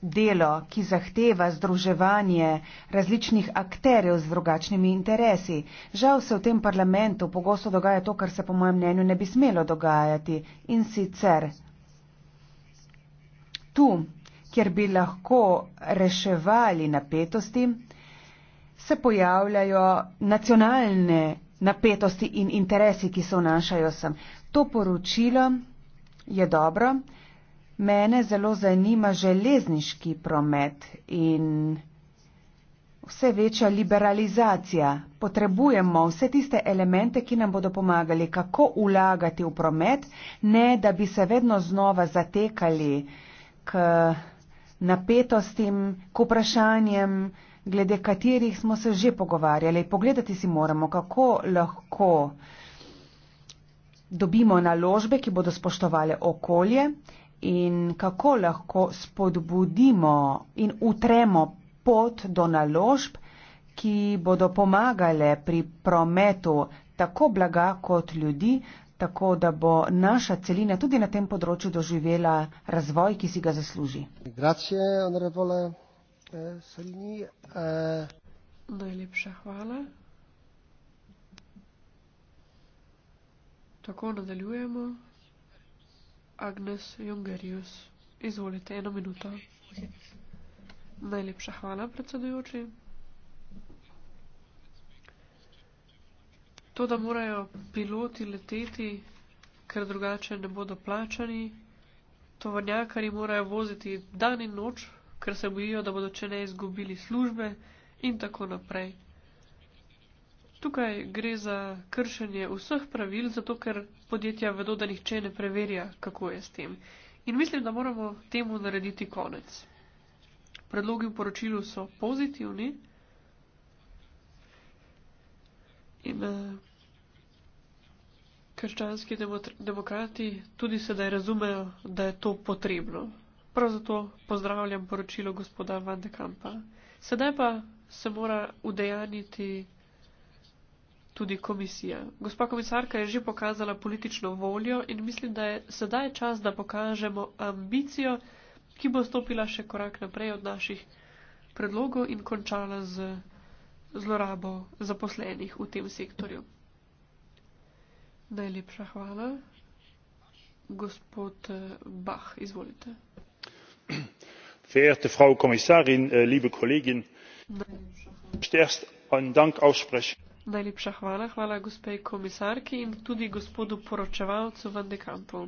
delo, ki zahteva združevanje različnih akterjev z drugačnimi interesi. Žal se v tem parlamentu pogosto dogaja to, kar se po mojem mnenju ne bi smelo dogajati in sicer tu, kjer bi lahko reševali napetosti, se pojavljajo nacionalne napetosti in interesi, ki se vnašajo sem. To poročilo je dobro. Mene zelo zanima železniški promet in vse večja liberalizacija. Potrebujemo vse tiste elemente, ki nam bodo pomagali, kako ulagati v promet, ne da bi se vedno znova zatekali k napetostim, k vprašanjem, glede katerih smo se že pogovarjali. Pogledati si moramo, kako lahko dobimo naložbe, ki bodo spoštovali okolje in kako lahko spodbudimo in utremo pot do naložb, ki bodo pomagale pri prometu tako blaga kot ljudi, tako da bo naša celina tudi na tem področju doživela razvoj, ki si ga zasluži. Grazie, onorevole eh, Salini. Eh. Najlepša hvala. Tako nadaljujemo. Agnes Jungerius. Izvolite, eno minuto. Najlepša hvala, predsedujoči. To, da morajo piloti leteti, ker drugače ne bodo plačani, tovornjakari morajo voziti dan in noč, ker se bojijo, da bodo če ne izgubili službe in tako naprej. Tukaj gre za kršenje vseh pravil, zato ker podjetja vedo, da nihče ne preverja, kako je s tem. In mislim, da moramo temu narediti konec. Predlogi v poročilu so pozitivni in uh, krščanski demokrati tudi sedaj razumejo, da je to potrebno. Prav zato pozdravljam poročilo gospoda Van de Kampa. Sedaj pa se mora udejaniti tudi komisija. Gospa komisarka je že pokazala politično voljo in mislim, da je sedaj čas, da pokažemo ambicijo, ki bo stopila še korak naprej od naših predlogov in končala z zlorabo zaposlenih v tem sektorju. Najlepša hvala. Gospod eh, Bach, izvolite. Verjete, frau komisarin, eh, liebe kolegin, ste erst en dank aussprechen. Najlepša hvala, hvala gospej komisarki in tudi gospodu poročevalcu v Dekampu.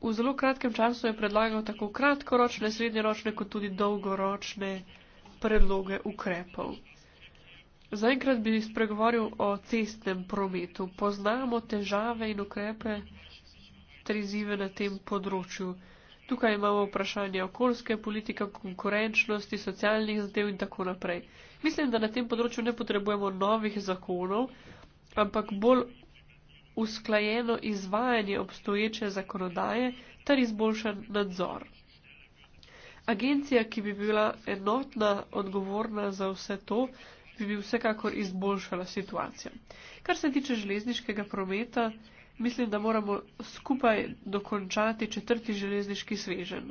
V zelo kratkem času je predlagal tako kratkoročne, srednjeročne kot tudi dolgoročne predloge ukrepov. Zaenkrat bi spregovoril o cestnem prometu. Poznamo težave in ukrepe ter izzive na tem področju. Tukaj imamo vprašanje okoljske politike, konkurenčnosti, socialnih zadev in tako naprej. Mislim, da na tem področju ne potrebujemo novih zakonov, ampak bolj usklajeno izvajanje obstoječe zakonodaje ter izboljšan nadzor. Agencija, ki bi bila enotna, odgovorna za vse to, bi vsekakor izboljšala situacijo. Kar se tiče železniškega prometa, mislim, da moramo skupaj dokončati četrti železniški svežen.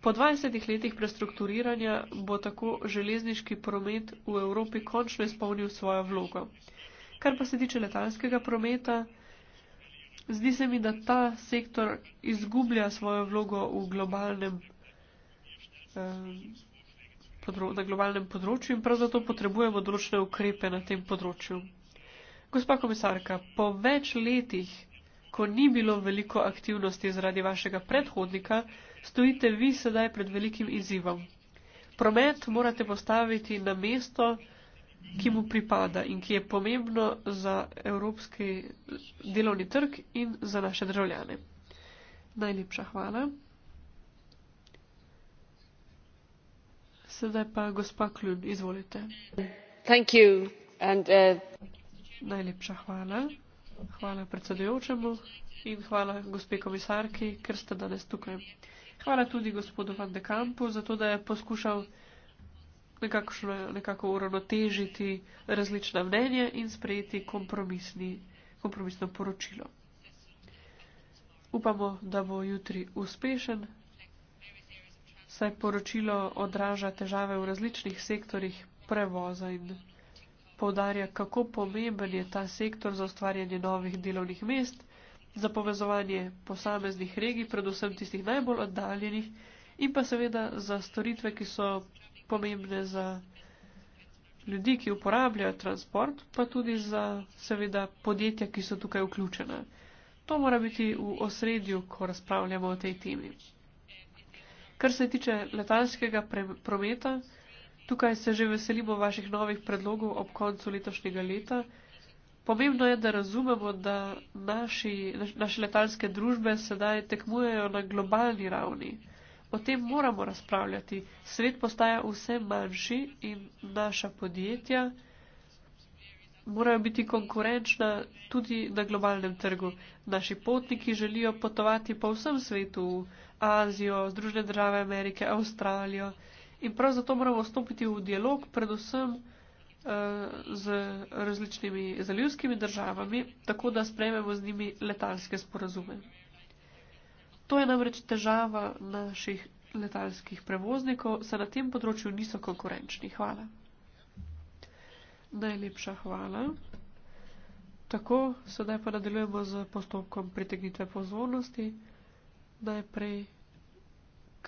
Po 20 letih prestrukturiranja bo tako železniški promet v Evropi končno izpolnil svojo vlogo. Kar pa se tiče letalskega prometa, zdi se mi, da ta sektor izgublja svojo vlogo v globalnem, eh, na globalnem področju in prav zato potrebujemo določne ukrepe na tem področju. Gospa komisarka, po več letih ko ni bilo veliko aktivnosti zaradi vašega predhodnika, stojite vi sedaj pred velikim izzivom. Promet morate postaviti na mesto, ki mu pripada in ki je pomembno za evropski delovni trg in za naše državljane. Najlepša hvala. Sedaj pa gospa Kljun, izvolite. Thank you and, uh... Najlepša hvala. Hvala predsedujočemu in hvala gospe komisarki, ker ste danes tukaj. Hvala tudi gospodu Van de Kampu za to, da je poskušal nekako, nekako uravnotežiti različna mnenja in sprejeti kompromisno poročilo. Upamo, da bo jutri uspešen, saj poročilo odraža težave v različnih sektorjih prevoza in poudarja, kako pomemben je ta sektor za ustvarjanje novih delovnih mest, za povezovanje posameznih regij, predvsem tistih najbolj oddaljenih in pa seveda za storitve, ki so pomembne za ljudi, ki uporabljajo transport, pa tudi za seveda podjetja, ki so tukaj vključena. To mora biti v osredju, ko razpravljamo o tej temi. Kar se tiče letalskega prometa, Tukaj se že veselimo vaših novih predlogov ob koncu letošnjega leta. Pomembno je, da razumemo, da naši, naše letalske družbe sedaj tekmujejo na globalni ravni. O tem moramo razpravljati. Svet postaja vse manjši in naša podjetja morajo biti konkurenčna tudi na globalnem trgu. Naši potniki želijo potovati po vsem svetu, v Azijo, Združene države Amerike, Avstralijo. In prav zato moramo stopiti v dialog predvsem eh, z različnimi zalivskimi državami, tako da sprejmemo z njimi letalske sporazume. To je namreč težava naših letalskih prevoznikov, se na tem področju niso konkurenčni. Hvala. Najlepša hvala. Tako, sedaj pa nadaljujemo z postopkom pritegnitve pozornosti. Najprej.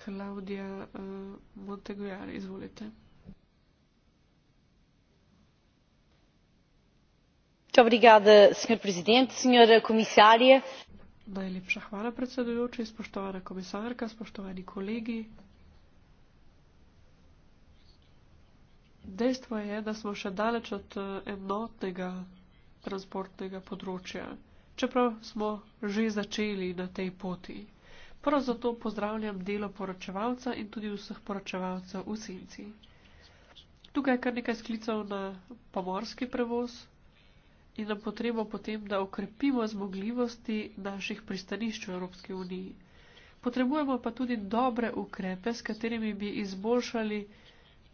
Klaudija uh, eh, Montegojar, izvolite. Muito obrigada, Sr. Presidente, Sra. Komisarja. Najlepša hvala, predsedujoči, spoštovana komisarka, spoštovani kolegi. Dejstvo je, da smo še daleč od eh, enotnega transportnega področja, čeprav smo že začeli na tej poti. Prav zato pozdravljam delo poročevalca in tudi vseh poročevalcev v senci. Tukaj je kar nekaj sklical na pomorski prevoz in na potrebo potem, da okrepimo zmogljivosti naših pristanišč v Evropski uniji. Potrebujemo pa tudi dobre ukrepe, s katerimi bi izboljšali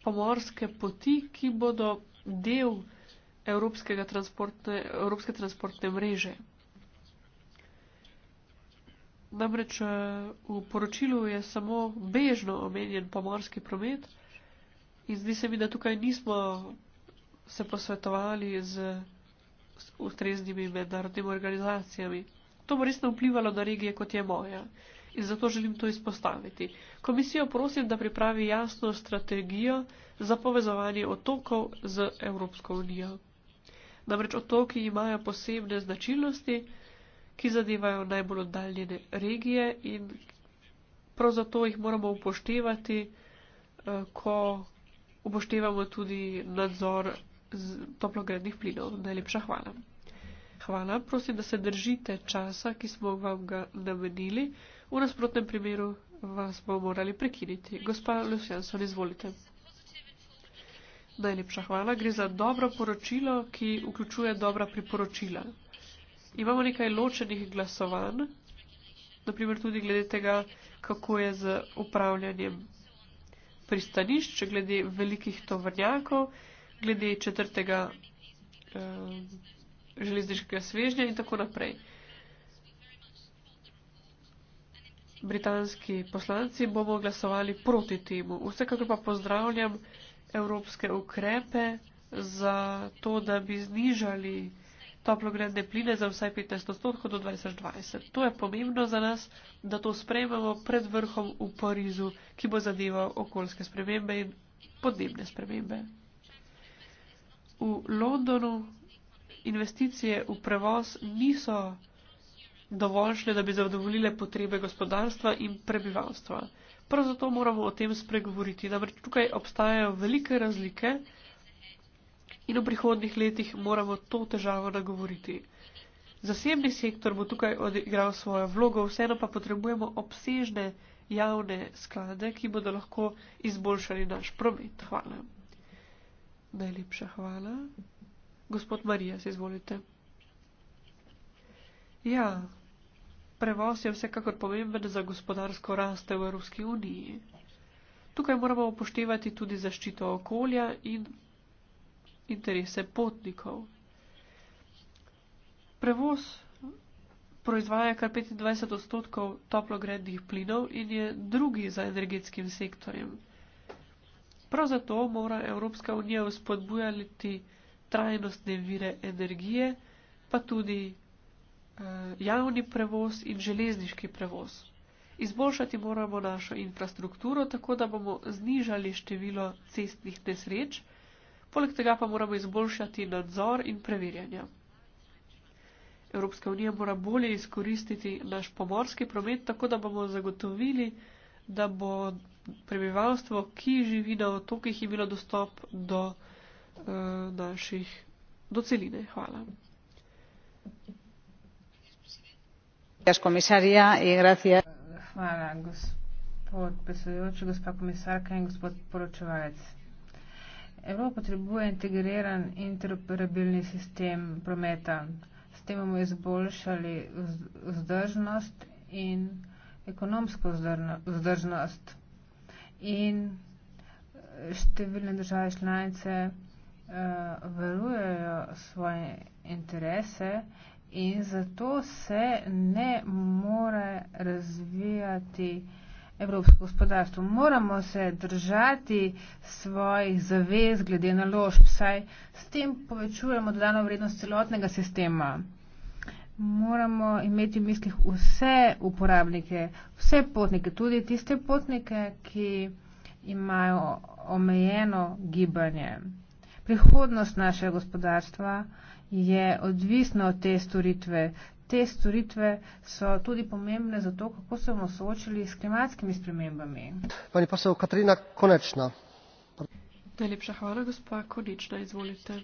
pomorske poti, ki bodo del evropske transportne, evropske transportne mreže. Namreč eh, v poročilu je samo bežno omenjen pomorski promet in zdi se mi, da tukaj nismo se posvetovali z ustreznimi mednarodnimi organizacijami. To bo resno vplivalo na regije, kot je moja. In zato želim to izpostaviti. Komisijo prosim, da pripravi jasno strategijo za povezovanje otokov z Evropsko unijo. Namreč otoki imajo posebne značilnosti, ki zadevajo najbolj oddaljene regije in prav zato jih moramo upoštevati, eh, ko upoštevamo tudi nadzor toplogrednih plinov. Najlepša hvala. Hvala, prosim, da se držite časa, ki smo vam ga namenili. V nasprotnem primeru vas bomo morali prekiniti. Gospa Lucianson, izvolite. Najlepša hvala. Gre za dobro poročilo, ki vključuje dobra priporočila. Imamo nekaj ločenih glasovanj, naprimer tudi glede tega, kako je z upravljanjem pristanišč, glede velikih tovrnjakov, glede četrtega eh, železniškega svežnja in tako naprej. Britanski poslanci bomo glasovali proti temu. Vsekakor pa pozdravljam evropske ukrepe za to, da bi znižali toplogredne pline za vsaj 15 odstotkov do 2020. To je pomembno za nas, da to sprejmemo pred vrhom v Parizu, ki bo zadeval okoljske spremembe in podnebne spremembe. V Londonu investicije v prevoz niso dovoljšne, da bi zadovoljile potrebe gospodarstva in prebivalstva. Prav zato moramo o tem spregovoriti, namreč tukaj obstajajo velike razlike in v prihodnih letih moramo to težavo nagovoriti. Zasebni sektor bo tukaj odigral svojo vlogo, vseeno pa potrebujemo obsežne javne sklade, ki bodo lahko izboljšali naš promet. Hvala. Najlepša hvala. Gospod Marija, se izvolite. Ja, prevoz je vsekakor pomemben za gospodarsko rast v Evropski uniji. Tukaj moramo upoštevati tudi zaščito okolja in interese potnikov. Prevoz proizvaja kar 25 odstotkov toplogrednih plinov in je drugi za energetskim sektorjem. Prav zato mora Evropska unija uspodbujati trajnostne vire energije, pa tudi eh, javni prevoz in železniški prevoz. Izboljšati moramo našo infrastrukturo, tako da bomo znižali število cestnih nesreč. Poleg tega pa moramo izboljšati nadzor in preverjanja. Evropska unija mora bolje izkoristiti naš pomorski promet, tako da bomo zagotovili, da bo prebivalstvo, ki živi na otokih, imelo dostop do uh, naših, do celine. Hvala. Hvala, gospod predsedujoči, gospa komisarka in gospod poročevalec. Evropa potrebuje integriran interoperabilni sistem prometa. S tem bomo izboljšali vzdržnost in ekonomsko vzdržnost. In eh, številne države članice uh, varujejo svoje interese in zato se ne more razvijati uh, evropsko gospodarstvo. Moramo se držati svojih zavez glede na lož, saj s tem povečujemo dodano vrednost celotnega sistema. Moramo imeti v mislih vse uporabnike, vse potnike, tudi tiste potnike, ki imajo omejeno gibanje. Prihodnost našega gospodarstva je odvisna od te storitve te storitve so tudi pomembne za to, kako se bomo soočili s klimatskimi spremembami. Pani posel Katarina Konečna. Najlepša hvala, gospa Konečna, izvolite.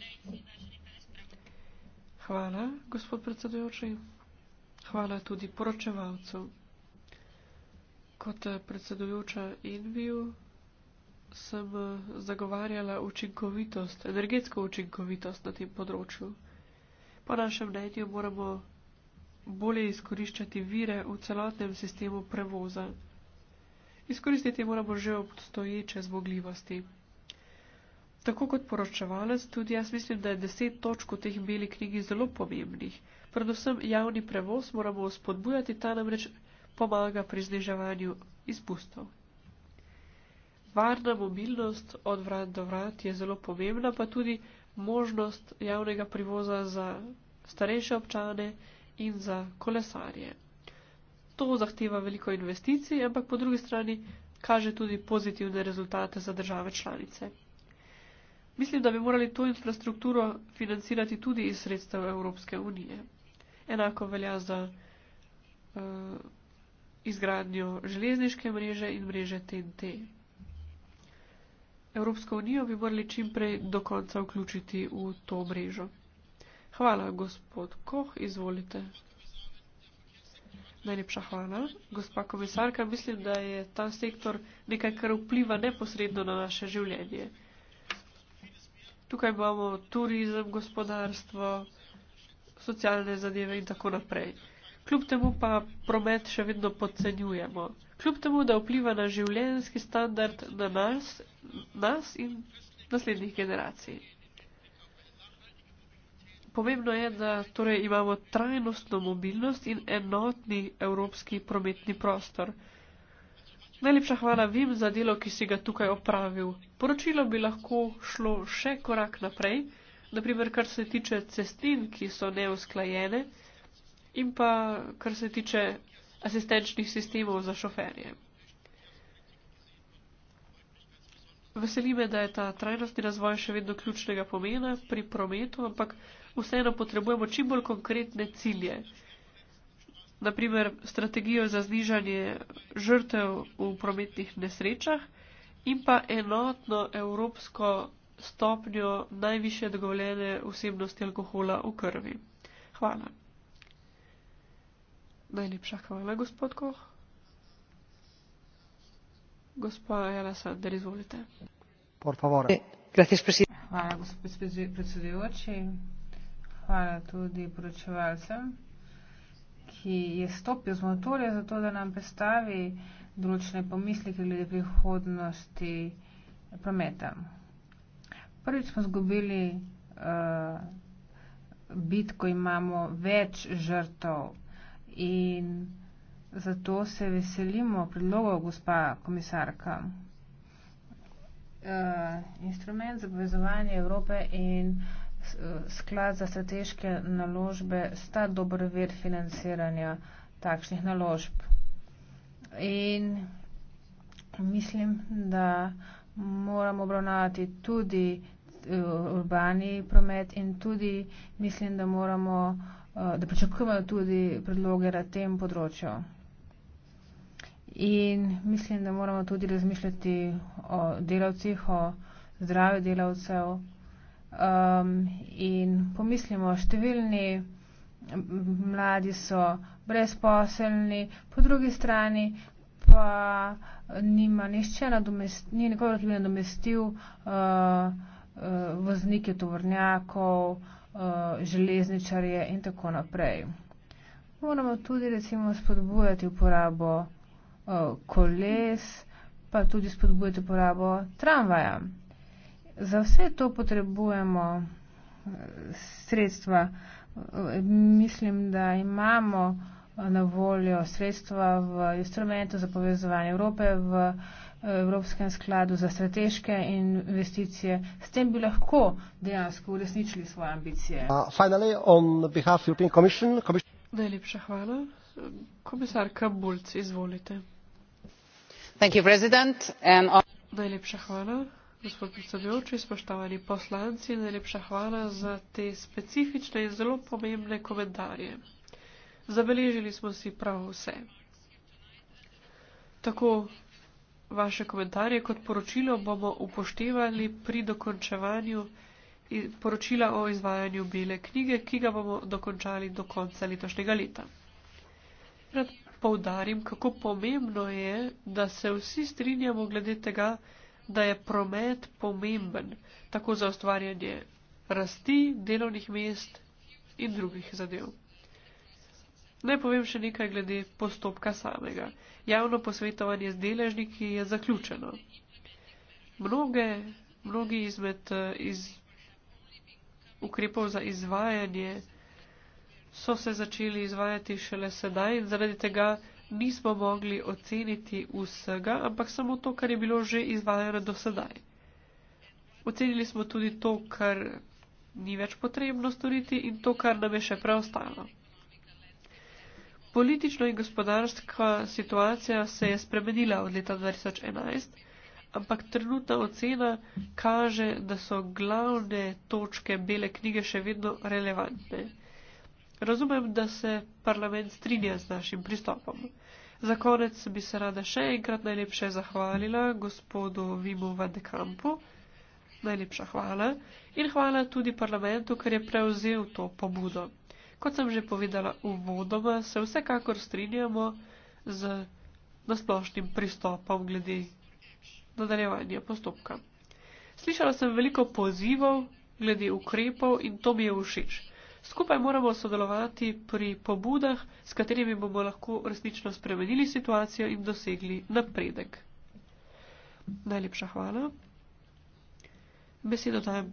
Hvala, gospod predsedujoči. Hvala tudi poročevalcu. Kot predsedujoča Inviju sem zagovarjala učinkovitost, energetsko učinkovitost na tem področju. Po našem mnenju moramo bolje izkoriščati vire v celotnem sistemu prevoza. Izkoristiti moramo že obstoječe zmogljivosti. Tako kot poročevalec, tudi jaz mislim, da je deset točk v teh beli knjigi zelo pomembnih. Predvsem javni prevoz moramo spodbujati, ta namreč pomaga pri zniževanju izpustov. Varna mobilnost od vrat do vrat je zelo pomembna, pa tudi možnost javnega privoza za starejše občane in za kolesarje. To zahteva veliko investicij, ampak po drugi strani kaže tudi pozitivne rezultate za države članice. Mislim, da bi morali to infrastrukturo financirati tudi iz sredstev Evropske unije. Enako velja za uh, izgradnjo železniške mreže in mreže TNT. Evropsko unijo bi morali čim prej do konca vključiti v to mrežo. Hvala, gospod Koh, izvolite. Najlepša hvala. Gospa komisarka, mislim, da je ta sektor nekaj, kar vpliva neposredno na naše življenje. Tukaj imamo turizem, gospodarstvo, socialne zadeve in tako naprej. Kljub temu pa promet še vedno podcenjujemo. Kljub temu, da vpliva na življenjski standard na nas, nas in naslednjih generacij. Pomembno je, da torej imamo trajnostno mobilnost in enotni evropski prometni prostor. Najlepša hvala vim za delo, ki si ga tukaj opravil. Poročilo bi lahko šlo še korak naprej, naprimer kar se tiče cestin, ki so neusklajene in pa kar se tiče asistenčnih sistemov za šoferje. Veseli me, da je ta trajnostni razvoj še vedno ključnega pomena pri prometu, ampak vseeno potrebujemo čim bolj konkretne cilje. Naprimer, strategijo za znižanje žrtev v prometnih nesrečah in pa enotno evropsko stopnjo najviše dogovoljene vsebnosti alkohola v krvi. Hvala. Najlepša hvala, gospod Koh. Eh, Hvala, gospod predsedujoči. Hvala tudi poročevalcem, ki je stopil z motorja za to, da nam predstavi določene pomisleke glede prihodnosti prometa. Prvič smo zgubili uh, eh, bitko, imamo več žrtov in Zato se veselimo predlogov, gospa komisarka. Uh, instrument za povezovanje Evrope in eh, sklad za strateške naložbe sta dober vir financiranja takšnih naložb. In mislim, da moramo obravnavati tudi eh, urbani promet in tudi mislim, da moramo, da pričakujemo tudi predloge na tem področju. In mislim, da moramo tudi razmišljati o delavcih, o zdravju delavcev. Um, in pomislimo, številni mladi so brezposelni, po drugi strani pa nima nišče nadomestil, ni nikogar, ki bi nadomestil uh, uh, voznike tovornjakov, uh, železničarje in tako naprej. Moramo tudi recimo spodbujati uporabo. Eh, koles, pa tudi spodbujate porabo tramvaja. Za vse to potrebujemo eh, sredstva. Eh, mislim, da imamo na voljo sredstva v instrumentu za povezovanje Evrope, v Evropskem skladu za strateške investicije. S tem bi lahko dejansko uresničili svoje ambicije. Uh, Najlepša hvala. Komisarka Bulc, izvolite najlepša hvala gospod predsedujoči spoštovani poslanci najlepša hvala za te specifične in zelo pomembne komentarje zabeležili smo si prav vse tako vaše komentarje kot poročilo bomo upoštevali pri dokončevanju poročila o izvajanju bele knjige ki ga bomo dokončali do konca letošnjega leta. Pred poudarim, kako pomembno je, da se vsi strinjamo glede tega, da je promet pomemben, tako za ustvarjanje rasti delovnih mest in drugih zadev. Naj povem še nekaj glede postopka samega. Javno posvetovanje z deležniki je zaključeno. Mnoge, mnogi izmed eh, iz ukrepov za izvajanje so se začeli izvajati šele sedaj in zaradi tega nismo mogli oceniti vsega, ampak samo to, kar je bilo že izvajano do sedaj. Ocenili smo tudi to, kar ni več potrebno storiti in to, kar nam je še preostalo. Politično in gospodarska situacija se je spremenila od leta 2011, ampak trenutna ocena kaže, da so glavne točke bele knjige še vedno relevantne. Razumem, da se parlament strinja z našim pristopom. Za konec bi se rada še enkrat najlepše zahvalila gospodu Vimu Vadekampu. Najlepša hvala in hvala tudi parlamentu, ker je prevzel to pobudo. Kot sem že povedala uvodoma, se vsekakor strinjamo z nasplošnim pristopom glede nadaljevanja postopka. Slišala sem veliko pozivov glede ukrepov in to mi je všeč. Skupaj moramo sodelovati pri pobudah, s katerimi bomo lahko resnično spremenili situacijo in dosegli napredek. Najlepša hvala. Besedo dajem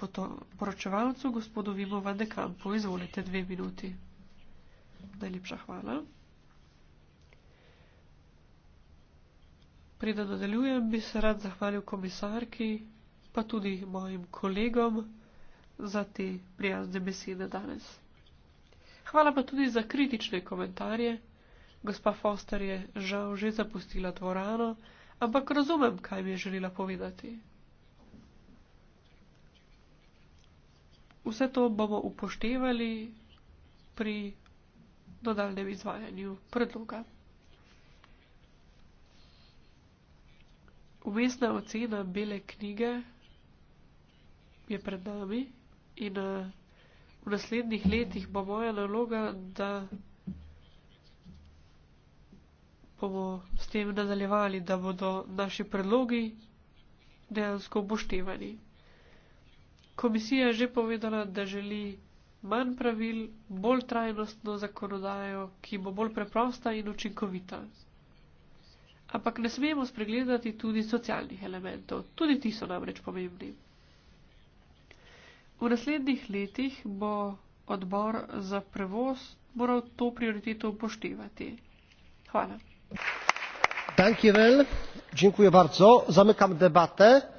poročevalcu, gospodu Vimo Vandekampu. Izvolite dve minuti. Najlepša hvala. Preden nadaljujem, bi se rad zahvalil komisarki, pa tudi mojim kolegom za te prijazne besede danes. Hvala pa tudi za kritične komentarje. Gospa Foster je žal že zapustila dvorano, ampak razumem, kaj mi je želela povedati. Vse to bomo upoštevali pri dodaljnem izvajanju predloga. Umestna ocena bele knjige je pred nami. In uh, v naslednjih letih bo moja naloga, da bomo s tem nadaljevali, da bodo naši predlogi dejansko upoštevani. Komisija je že povedala, da želi manj pravil, bolj trajnostno zakonodajo, ki bo bolj preprosta in učinkovita. Ampak ne smemo spregledati tudi socialnih elementov, tudi ti so namreč pomembni. V naslednjih letih bo odbor za prevoz moral to prioriteto upoštevati. Hvala. Well. Dziękuję bardzo. Zamykam debatę.